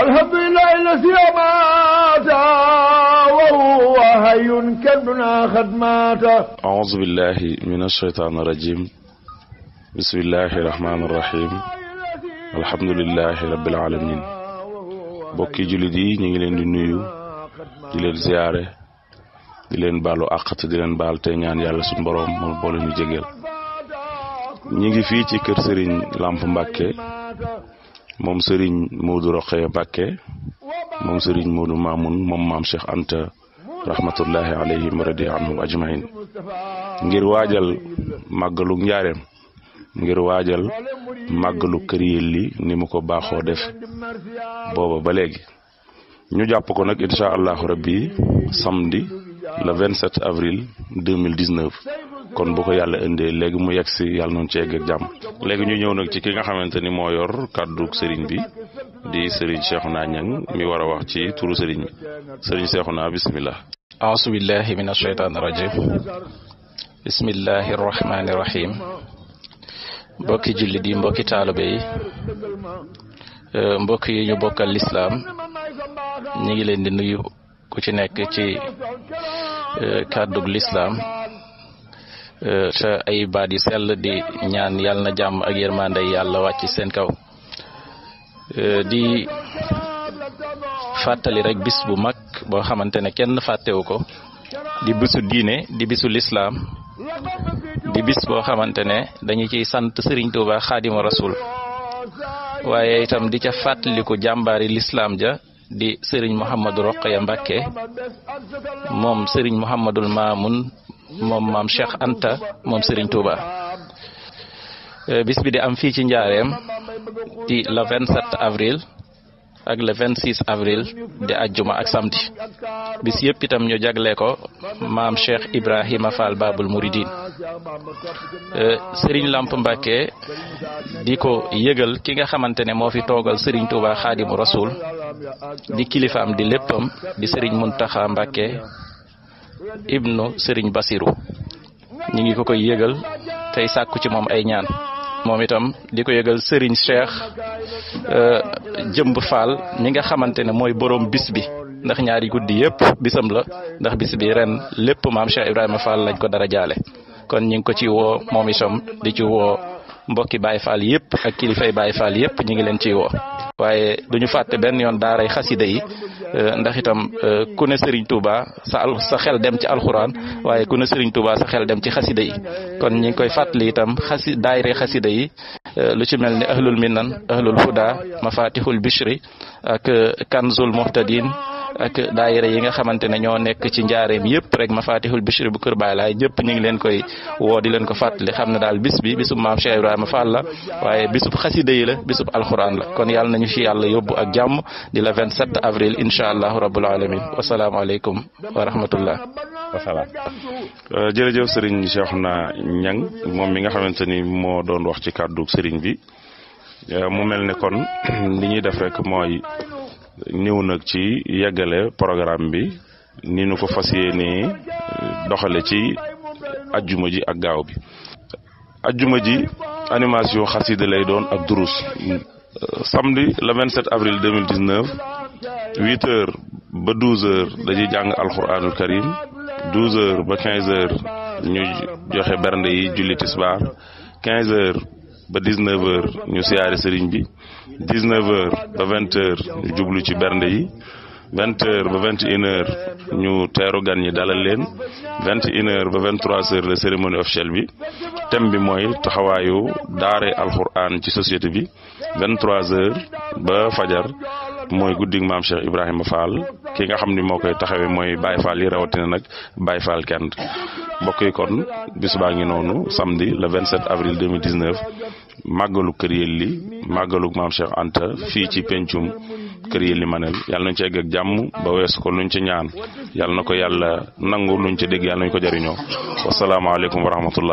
الحمد لله الذي أمات وهو حي كدنا قد مات أعوذ بالله من الشيطان الرجيم بسم الله الرحمن الرحيم الحمد bokki jullit yi ñu ngi leen di nuyu di leen ziyaare di leen baalu àqat di leen baal te ñaan yàlla suñu boroom moom boole ñu jéggal ngi fii ci kër Serigne Lamp moom Serigne Modou Rokhaya Mbacké moom Serigne Modou Mamoun moom maam Cheikh Anta rahmatullahi alayhim wa radi anhum ajmain ngir waajal màggalu njaareem ngir waajal màggalu kër yelli ni mu ko baaxoo def booba ba léegi ñu jàpp ko nag incha allahu rabbi samedi le 27 avril 2019 kon bu ko yàlla indee léegi mu yegg si yàlla noonu ci egg ak jàmm léegi ñu ñëw nag ci ki nga xamante ni moo yor kàddu sëriñ bi di sëriñ Cheikhouna Niang mi war a wax ci turu sëriñ bi sëriñ Cheikhouna bisimilah. a billahi min ashaytaan rajim bismillahi rahmaani rahim mbokki jullit yi mbokki taalibe yi euh, mbokk yi ñu bokk lislaam ñi ngi leen di nuyu ku ci nekk ci euh, kàddug lislaam Eh, sa ay baat yi sell di ñaan yàlla na jàmm ak yërmande yàlla wàcc seen kaw eh, di fàttali rek bis bu mag boo xamante ne kenn fàttewu ko di bisu diine di bisu lislaam di bis boo xamante ne dañu ciy sant Sëriñ Tuuba Xaadimu Rasul waaye itam di ca fàttaliku jàmbaari lislaam ja di sëriñ Mouhamadou Rokhaya Mbacké moom sëriñ Mouhamadul Mamoun moom maam Cheikh Anta moom Serigne Touba euh, bis am fii ci njaareem ci le 27 avril ak le 26 avril di ajjuma ak samedi bis yëpp itam ñu jagle ko maam Cheikh Ibrahima Fall Babul Mouridine euh, Serigne Lamp Mbacke di ko yëgal ki nga xamante ne moo fi toogal Serigne Touba Xaadimu Rasul di kilifaam di léppam di Serigne Muntaxa Mbacke. ibnu Serigne Basiru ñi ngi ko koy yëgal tey sàkku ci moom ay ñaan moom itam di ko yëgal Serigne Cheikh euh, jëmb Fall ñi nga xamante ne mooy boroom bis bi ndax ñaari guddi yëpp bisam la ndax bis bi ren lépp maam Cheikh Ibrahima Fall lañ ko dara jaale kon ñi ngi ko ci woo moom itam di ci woo mbokki baay Fall yëpp ak kilifay Baye Fall yëpp ñi ngi leen ciy woo. waaye ñu fàtte benn yoon daaray xasida yi euh, ndax itam euh, ku ne Serigne Touba sa al sa xel dem ci alxuraan waaye ku ne Serigne Touba sa xel dem ci xasida yi kon ñi ngi koy fàttali itam xasi daaray xasida yi euh, lu ci mel ni ahlul minan ahlul ma mafatihul bishri ak kanzul muhtadin ak daayira yi nga xamante ne ñoo nekk ci njaareem yëpp rek mafatihul bichri bu kër Baay Laay ñëpp ñu ngi leen koy woo di leen ko fàttali xam ne daal bis bi bisub maam Cheikh Ibrahima Fall la waaye bisub xasida yi la bisub alxuraan la kon yàlla nañu ci yàlla yóbbu ak jàmm di la 27 avril incha allahu rabbul alamin wasalaamualeykum wa rahmatullah wasalaam euh, jërëjëf sëriñ Cheikhouna Niang moom mi nga xamante ni moo doon wax ci kàddu sëriñ bi euh, mu mel ne kon li ñuy def rek mooy ñëw nag ci yeggale programme bi ni nu ko fas yéenee doxale ci ajjuma ji ak gaaw bi ajjuma ji animation xasida lay doon ak durus samedi le 27 avril 2019 huit heures ba douze heures dañuy jàng alxuraanul karim douze heures ba quinze heures ñu joxe bernde yi julli tisbaar quinze heures ba 19h ñu siyaare sëriñ bi 19h ba 20h ñu jublu ci bernde yi 20h ba 21h ñu teerogan yi ñi dalal leen 21h ba 23h la cérémonie officielle bi thème bi mooy taxawaayu daaree daare alxuraan ci société bi 23h ba fajar. mooy guddig maam Cheikh Ibrahima Fall ki nga xam ni moo koy taxawee mooy bay Fall yi rawatina nag Baye Fall Kend mbokk yi kon bis baa ngi noonu samedi le 27 avril 2019 màggalu kër yëlli màggalu maam Cheikh Anta fii ci pencum kër yëlli manel yàlla nañ ci egg ak jàmm ba weesu ko luñ ci ñaan yàlla na ko yàlla nangu luñ ci dégg yàlla nañ ko jariñoo wasalaamaaleykum wa rahmatullah